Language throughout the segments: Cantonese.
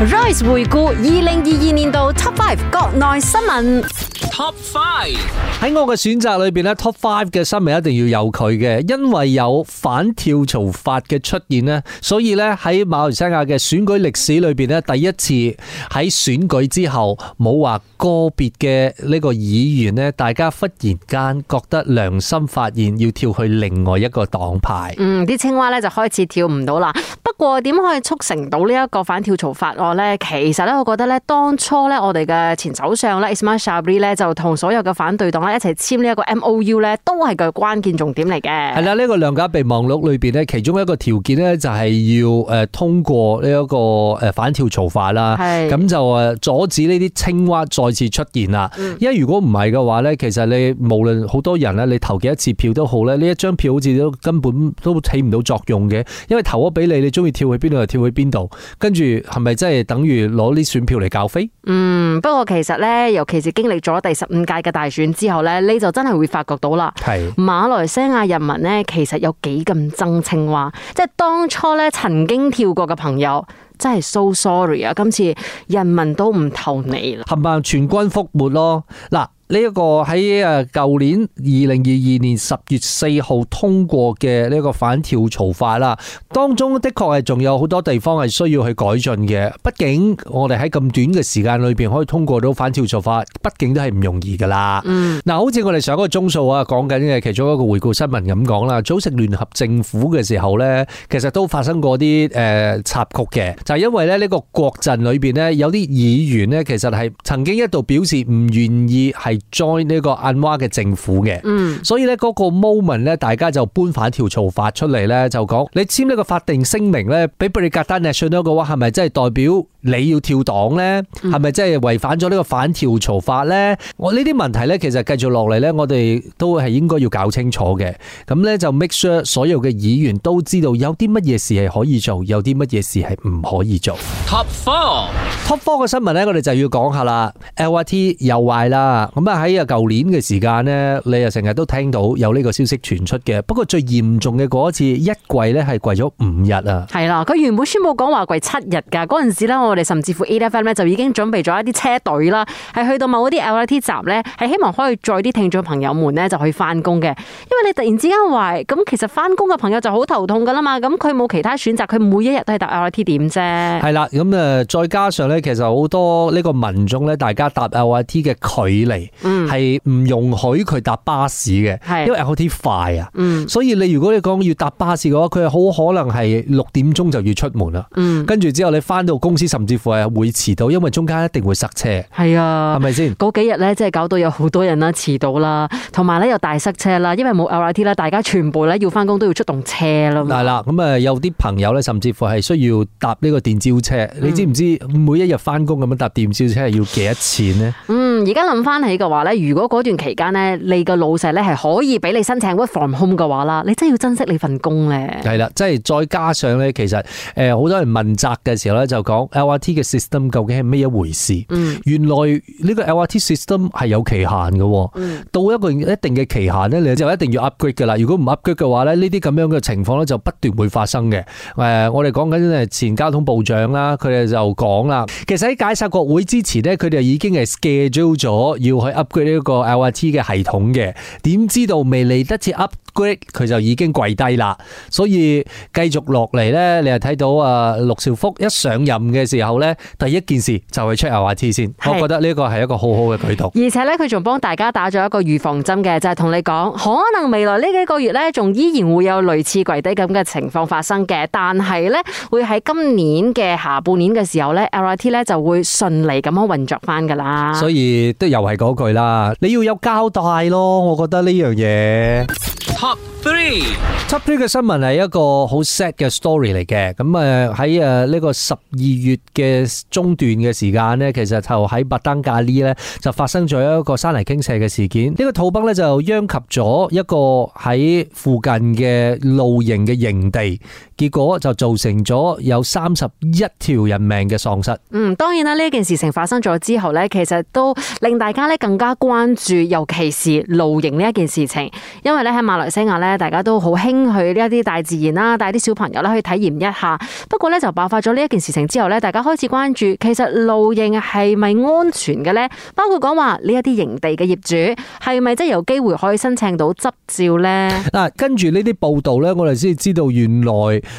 Royce 回顧二零二二年度 Top Five 國內新聞。Top Five 喺我嘅選擇裏邊咧，Top Five 嘅新聞一定要有佢嘅，因為有反跳槽法嘅出現咧，所以咧喺馬來西亞嘅選舉歷史裏邊咧，第一次喺選舉之後冇話個別嘅呢個議員咧，大家忽然間覺得良心發現，要跳去另外一個黨派。嗯，啲青蛙咧就開始跳唔到啦。過點可以促成到呢一個反跳槽法案咧？其實咧，我覺得咧，當初咧，我哋嘅前首相咧，Ismail Sabri 咧，就同所有嘅反對黨咧一齊簽呢一個 M O U 咧，都係個關鍵重點嚟嘅。係啦，呢個量假備忘錄裏邊咧，其中一個條件咧，就係要誒通過呢一個誒反跳槽法啦。係咁就誒阻止呢啲青蛙再次出現啦。因為如果唔係嘅話咧，其實你無論好多人咧，你投幾多次票都好咧，呢一張票好似都根本都起唔到作用嘅。因為投咗俾你，你中意，跳去邊度就跳去邊度，跟住係咪真係等於攞啲選票嚟教飛？嗯，不過其實呢，尤其是經歷咗第十五屆嘅大選之後呢，你就真係會發覺到啦。係馬來西亞人民呢，其實有幾咁憎青蛙，即係當初呢曾經跳過嘅朋友，真係 so sorry 啊！今次人民都唔投你啦，係咪？全軍覆沒咯。嗱。呢一個喺誒舊年二零二二年十月四號通過嘅呢個反跳槽法啦，當中的確係仲有好多地方係需要去改進嘅。畢竟我哋喺咁短嘅時間裏邊可以通過到反跳槽法，畢竟都係唔容易㗎啦。嗯，嗱，好似我哋上一個鐘數啊講緊嘅其中一個回顧新聞咁講啦，組成聯合政府嘅時候咧，其實都發生過啲誒插曲嘅，就係因為咧呢個國陣裏邊咧有啲議員咧，其實係曾經一度表示唔願意係 join 呢個安華嘅政府嘅，所以咧嗰個 moment 咧，大家就搬反跳槽法出嚟咧，就講你簽呢個法定聲明咧，俾 Barisan Nasional 信咗嘅話，係咪真係代表你要跳黨咧？係咪真係違反咗呢個反跳槽法咧？我呢啲問題咧，其實繼續落嚟咧，我哋都係應該要搞清楚嘅。咁咧就 make sure 所有嘅議員都知道有啲乜嘢事係可以做，有啲乜嘢事係唔可以做。Top four，Top four 嘅新聞咧，我哋就要講下啦。LRT 又壞啦，咁喺啊舊年嘅時間呢，你啊成日都聽到有呢個消息傳出嘅。不過最嚴重嘅嗰次一次是跪咧，係跪咗五日啊！係啦，佢原本宣布講話跪七日噶，嗰陣時咧，我哋甚至乎 AI FM 咧就已經準備咗一啲車隊啦，係去到某嗰啲 LRT 站咧，係希望可以載啲聽眾朋友們咧就去翻工嘅。因為你突然之間話咁，其實翻工嘅朋友就好頭痛噶啦嘛。咁佢冇其他選擇，佢每一日都係搭 LRT 點啫。係啦，咁啊再加上咧，其實好多呢個民眾咧，大家搭 LRT 嘅距離。係、嗯、唔容許佢搭巴士嘅，因為好啲快啊、嗯。所以你如果你講要搭巴士嘅話，佢好可能係六點鐘就要出門啦。跟、嗯、住之後你翻到公司，甚至乎係會遲到，因為中間一定會塞車。係啊，係咪先？嗰幾日咧，即係搞到有好多人啦，遲到啦，同埋咧又大塞車啦，因為冇 RRT 啦，大家全部咧要翻工都要出動車啦。係啦、啊，咁啊有啲朋友咧，甚至乎係需要搭呢個電召車、嗯。你知唔知每一日翻工咁樣搭電召車係要幾多錢呢？嗯而家諗翻起嘅話咧，如果嗰段期間咧，你個老細咧係可以俾你申請 work from home 嘅話啦，你真係要珍惜你份工咧。係啦，即係再加上咧，其實誒好多人問責嘅時候咧，就講 LRT 嘅 system 究竟係咩一回事？原來呢個 LRT system 係有期限嘅，嗯、到一個一定嘅期限咧，你就一定要 upgrade 噶啦。如果唔 upgrade 嘅話咧，呢啲咁樣嘅情況咧就不斷會發生嘅。誒，我哋講緊誒前交通部長啦，佢哋就講啦，其實喺解散國會之前呢，佢哋已經係咗要去 upgrade 呢個 LRT 嘅系統嘅，點知道未嚟得切 up？佢就已經跪低啦，所以繼續落嚟咧，你又睇到啊、呃，陸兆福一上任嘅時候呢，第一件事就係 check LRT 先，我覺得呢個係一個好好嘅舉動。而且呢，佢仲幫大家打咗一個預防針嘅，就係、是、同你講，可能未來呢幾個月呢，仲依然會有類似跪低咁嘅情況發生嘅，但係呢，會喺今年嘅下半年嘅時候呢，LRT 呢就會順利咁樣運作翻噶啦。所以都又係嗰句啦，你要有交代咯，我覺得呢樣嘢。Top three，Top three 嘅新聞係一個好 sad 嘅 story 嚟嘅。咁誒喺誒呢個十二月嘅中段嘅時間呢，其實就喺峇冬加里呢，咧就發生咗一個山泥傾瀉嘅事件。呢個土崩呢，就殃及咗一個喺附近嘅露營嘅營地。結果就造成咗有三十一條人命嘅喪失。嗯，當然啦，呢一件事情發生咗之後呢，其實都令大家咧更加關注，尤其是露營呢一件事情。因為咧喺馬來西亞呢，大家都好興去呢一啲大自然啦，帶啲小朋友咧去體驗一下。不過咧就爆發咗呢一件事情之後咧，大家開始關注，其實露營係咪安全嘅呢？包括講話呢一啲營地嘅業主係咪真係有機會可以申請到執照呢？嗱、啊，跟住呢啲報道呢，我哋先知道原來。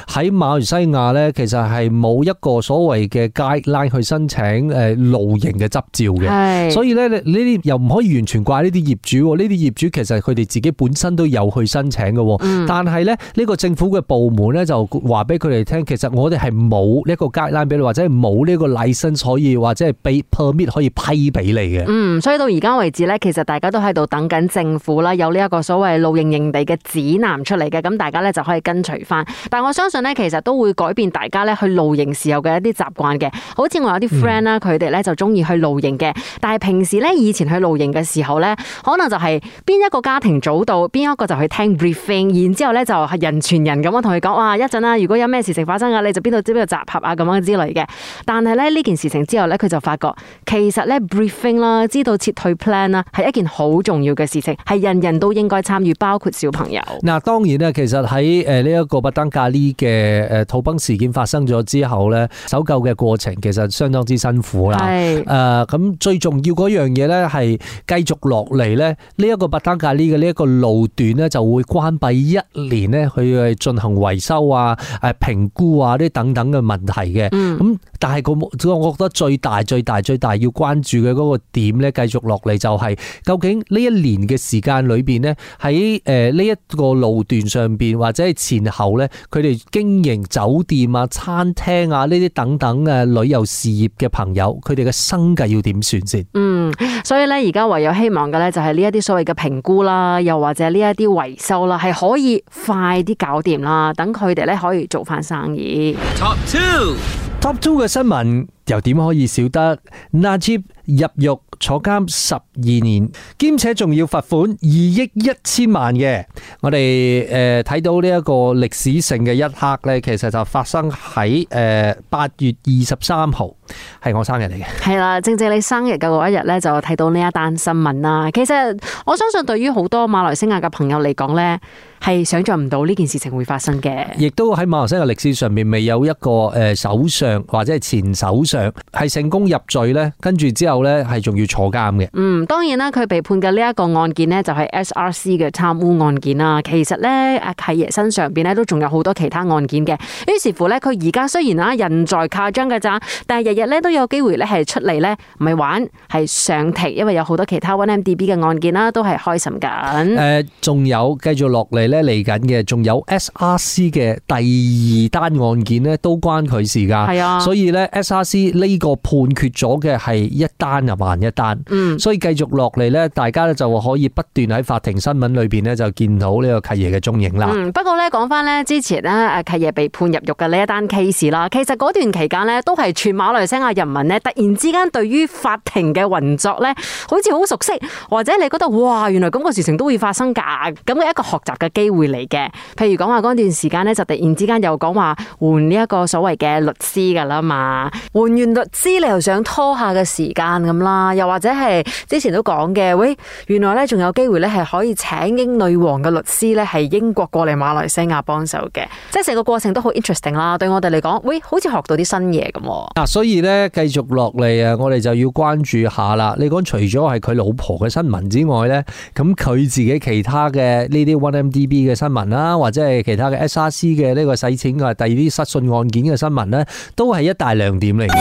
喺馬來西亞咧，其實係冇一個所謂嘅 Guide Line 去申請誒露營嘅執照嘅。係。所以咧，呢呢啲又唔可以完全怪呢啲業主。呢啲業主其實佢哋自己本身都有去申請嘅。嗯。但係咧，呢個政府嘅部門咧就話俾佢哋聽，其實我哋係冇呢一個 Guide Line 俾你，或者係冇呢個 License 可以，或者係被 Permit 可以批俾你嘅。嗯。所以到而家為止咧，其實大家都喺度等緊政府啦，有呢一個所謂露營營地嘅指南出嚟嘅，咁大家咧就可以跟隨返。但我想相信咧，其實都會改變大家咧去露營時候嘅一啲習慣嘅。好似我有啲 friend 啦，佢哋咧就中意去露營嘅。嗯。但係平時咧，以前去露營嘅時候咧，可能就係邊一個家庭早到，邊一個就去聽 briefing，然之後咧就係人傳人咁樣同佢講：哇，一陣啊，如果有咩事情發生啊，你就邊度知邊度集合啊咁樣之類嘅。但係咧呢件事情之後咧，佢就發覺其實咧 briefing 啦，知道撤退 plan 啦，係一件好重要嘅事情，係人人都應該參與，包括小朋友。嗱，當然啦，其實喺誒呢一個峇冬加里。嘅誒土崩事件發生咗之後咧，搜救嘅過程其實相當之辛苦啦。係誒咁最重要嗰樣嘢咧，係繼續落嚟咧，呢一個峇冬加里嘅呢一個路段咧就會關閉一年咧，佢要進行維修啊、誒評估啊啲等等嘅問題嘅。嗯，咁但係個目，我覺得最大、最大、最大要關注嘅嗰個點咧、就是，繼續落嚟就係究竟呢一年嘅時間裏邊咧，喺誒呢一個路段上邊或者係前後咧，佢哋經營酒店啊、餐廳啊呢啲等等嘅旅遊事業嘅朋友，佢哋嘅生計要點算先？嗯，所以咧而家唯有希望嘅咧，就係呢一啲所謂嘅評估啦，又或者呢一啲維修啦，係可以快啲搞掂啦，等佢哋咧可以做翻生意。Top two，Top two 嘅新聞。又點可以少得納吉入獄坐監十二年，兼且仲要罰款二億一千萬嘅？我哋誒睇到呢一個歷史性嘅一刻咧，其實就發生喺誒八月二十三號，係我生日嚟嘅。係啦、啊，正正你生日嘅一日咧，就睇到呢一單新聞啦。其實我相信對於好多馬來西亞嘅朋友嚟講咧，係想象唔到呢件事情會發生嘅。亦都喺馬來西亞歷史上面未有一個誒首相或者係前首相，係成功入罪咧，跟住之後咧係仲要坐監嘅。嗯，當然啦，佢被判嘅呢一個案件呢，就係 S R C 嘅貪污案件啦。其實咧，阿契爺身上邊咧都仲有好多其他案件嘅。於是乎咧，佢而家雖然啊人在加影嘅咋，但係日日咧都有機會咧係出嚟咧，唔係玩係上庭，因為有好多其他 1MDB 嘅案件啦，都係開審緊、呃。誒，仲有繼續落嚟咧嚟緊嘅，仲有 S R C 嘅第二單案件呢，都關佢事噶。係啊，所以咧 S R C。呢、這個判決咗嘅係一單又還一單。嗯、所以繼續落嚟咧，大家咧就可以不斷喺法庭新聞裏邊咧就見到呢個契爺嘅蹤影啦、嗯。不過咧講返咧之前咧阿契爺被判入獄嘅呢一單 case 啦，其實嗰段期間呢都係全馬來西亞人民呢突然之間對於法庭嘅運作咧好似好熟悉，或者你覺得哇原來咁嘅事情都會發生㗎，咁係一個學習嘅機會嚟嘅。譬如講話嗰段時間呢，就突然之間又講話換呢一個所謂嘅律師㗎啦嘛，換。原來律師你又想拖下嘅時間咁啦，又或者係之前都講嘅，喂，原來呢仲有機會呢係可以請英女王嘅律師呢係英國過嚟馬來西亞幫手嘅，即係成個過程都好 interesting 啦。對我哋嚟講，喂，好似學到啲新嘢咁。嗱、啊，所以呢，繼續落嚟啊，我哋就要關注一下啦。你講除咗係佢老婆嘅新聞之外呢，咁佢自己其他嘅呢啲 1MDB 嘅新聞啦，或者係其他嘅 SRC 嘅呢個洗錢啊，第二啲失信案件嘅新聞呢，都係一大亮點嚟。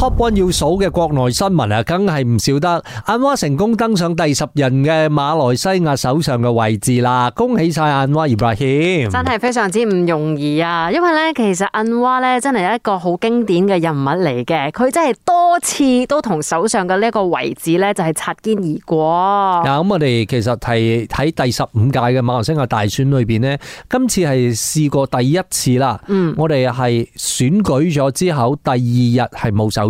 Top One 要數嘅國內新聞啊，梗係唔少得。安華成功登上第十人嘅馬來西亞首相嘅位置啦，恭喜晒安華 Ibrahim！真係非常之唔容易啊，因為咧，其實安華咧真係一個好經典嘅人物嚟嘅，佢真係多次都同首相嘅呢一個位置咧就係擦肩而過。嗱，咁我哋其實係喺第十五屆嘅馬來西亞大選裏邊咧，今次係試過第一次啦。嗯，我哋係選舉咗之後第二日係冇首。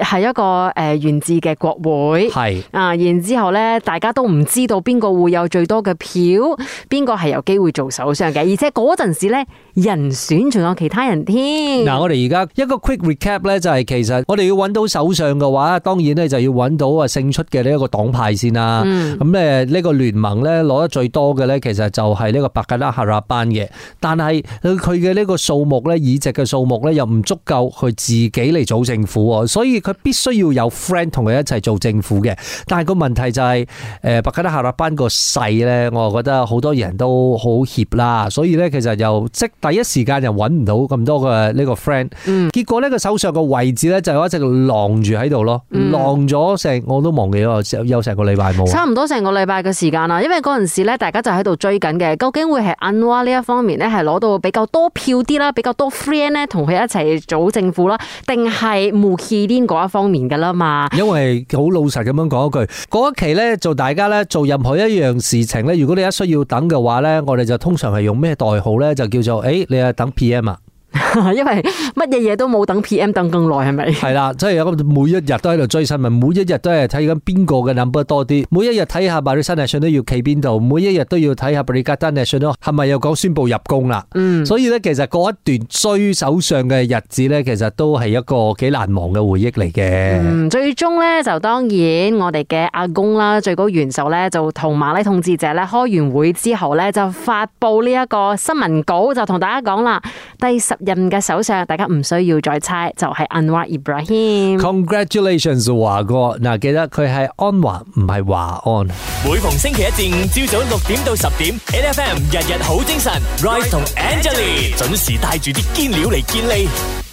係一個誒源自嘅國會，係啊，然之後咧，大家都唔知道邊個會有最多嘅票，邊個係有機會做首相嘅，而且嗰陣時咧人選仲有其他人添。嗱，我哋而家一個 quick recap 咧，就係其實我哋要搵到首相嘅話，當然咧就要搵到啊勝出嘅呢一個黨派先啦，嗯。咁呢個聯盟咧攞得最多嘅咧，其實就係呢個白格拉哈拉班嘅，但係佢嘅呢個數目咧，議席嘅數目咧又唔足夠佢自己嚟組政府，所以。佢必須要有 friend 同佢一齊做政府嘅，但係個問題就係，誒白加拉下那班個勢咧，我覺得好多人都好怯啦，所以咧其實又即第一時間又揾唔到咁多嘅呢個 friend，嗯，結果呢，個手上個位置咧就一直晾住喺度咯，晾咗成我都忘記咗，有成個禮拜冇。差唔多成個禮拜嘅時間啦，因為嗰陣時咧大家就喺度追緊嘅，究竟會係安華呢一方面咧係攞到比較多票啲啦，比較多 friend 咧同佢一齊組政府啦，定係慕尤丁呢？嗰一方面噶啦嘛，因為好老實咁樣講一句，嗰一期咧做大家咧做任何一樣事情咧，如果你一需要等嘅話咧，我哋就通常係用咩代號咧，就叫做誒、欸，你啊等 PM 啊。因為乜嘢嘢都冇等 PM 等咁耐係咪？係啦，即係每一日都喺度追新聞，每一日都係睇緊邊個嘅 number 多啲，每一日睇下 Barisan Nasional 都要企邊度，每一日都要睇下 Perikatan Nasional 咯，係咪又講宣布入宮啦？嗯，所以咧，其實嗰一段追首相嘅日子咧，其實都係一個幾難忘嘅回憶嚟嘅。嗯，最終咧就當然我哋嘅阿公啦，最高元首咧就同馬來統治者咧開完會之後咧就發布呢一個新聞稿，就同大家講啦。第十任嘅首相，大家唔需要再猜，就係 Anwar Ibrahim。Congratulations 華哥，嗱記得佢係安華，唔係華安。每逢星期一至五朝早六點到十點，N F M 日日好精神，Ryde 同 Angelina 準時帶住啲堅料嚟見你。